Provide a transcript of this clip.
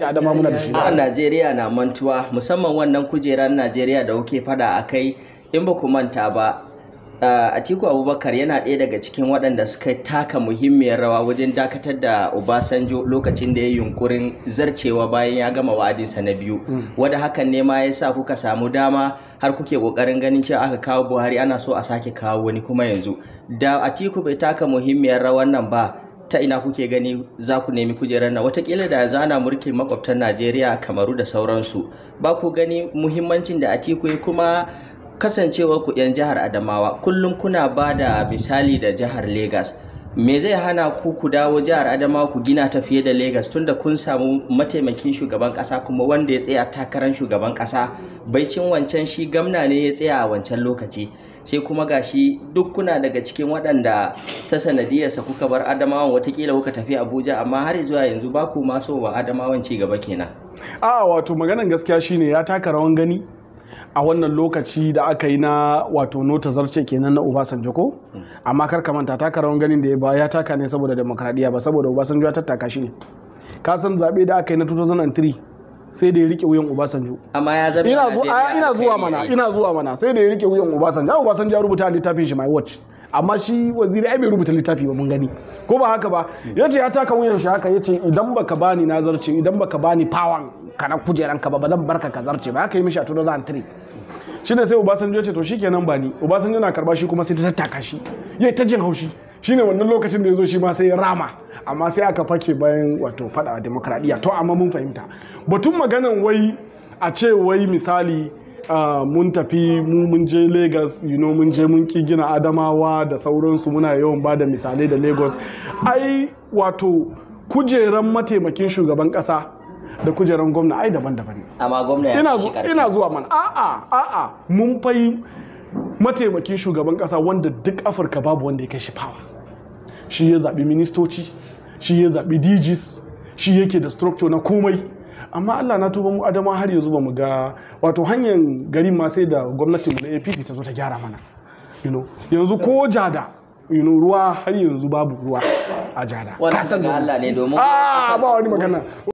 ce adama muna da shi a najeriya na mantuwa musamman wannan kujerar najeriya da kuke fada a kai in ba ku manta ba Atiku Abubakar yana ɗaya daga cikin waɗanda suka taka muhimmiyar rawa wajen dakatar da Obasanjo lokacin da ya yunkurin zarcewa bayan ya gama wa'adinsa na biyu. Mm. Wada hakan ne ma ya sa kuka samu dama har kuke ƙoƙarin ganin cewa aka kawo Buhari ana so a sake kawo wani kuma yanzu. Da Atiku bai taka muhimmiyar rawan nan ba ta ina kuke gani za ku nemi kujerar na watakila da zana mulkin makwabtan najeriya kamaru da sauransu ba ku gani muhimmancin da atiku ya kuma kasancewar ku 'yan jihar adamawa kullum kuna ba da misali da jihar lagos. me zai hana ku ku dawo jihar adamawa ku gina ta fiye da lagos tunda kun samu mataimakin shugaban kasa kuma wanda ya tsaya takarar shugaban kasa baicin wancan shi gamna ne ya tsaya a wancan lokaci sai kuma gashi duk kuna daga cikin waɗanda ta sanadiyarsa kuka bar adamawan watakila kuka tafi abuja amma har zuwa yanzu ba ku maso wa adamawan ci gaba kenan a wato maganan gaskiya shine ya taka rawan gani a wannan lokaci da aka yi na wato nota zarce kenan na obasanjo ko amma kar ka manta taka rawan ganin da ya ba ya taka ne saboda demokradiya ba saboda obasanjo ya tattaka shi ne ka san zaɓe da aka yi na 2003 sai da ya rike wuyan obasanjo amma ya zama ina zuwa ina zuwa mana ina zuwa mana sai da ya rike wuyan obasanjo obasanjo ya rubuta littafin shi my watch amma shi waziri ai bai rubuta littafi ba mun gani ko ba haka ba yace ya taka wuyan shi haka yace idan baka bani nazarci idan baka bani power kana ka ba ba zan barka ka zarce ba haka yi mishi a 2003 shi ne sai obasanjo ce to shi kenan ba ni obasanjo na karba shi kuma sai ta tattaka shi ya ta jin haushi shi ne wannan lokacin da ya zo shi ma sai ya rama amma sai aka fake bayan wato fada a to amma mun fahimta batun maganan wai a ce wai misali mun tafi mu mun je lagos you know mun je mun ki gina adamawa da sauransu muna yawan ba da misalai da lagos ai wato kujeran mataimakin shugaban kasa da kujerar gwamna ai daban-daban ne amma gwamna ya karfi ina zuwa mana a'a a'a mun fai mataimakin shugaban kasa wanda duk afirka babu wanda ya kai shi fawa shi ya zaɓi ministoci shi ya zaɓi dgs shi yake da structure na komai amma allah na tuba mu adama har yanzu ba mu ga wato hanyar garin ma sai da gwamnatin na apc ta zo ta gyara mana yanzu ko jada ruwa har yanzu babu ruwa a jada wannan ga allah ne domin a ba wani magana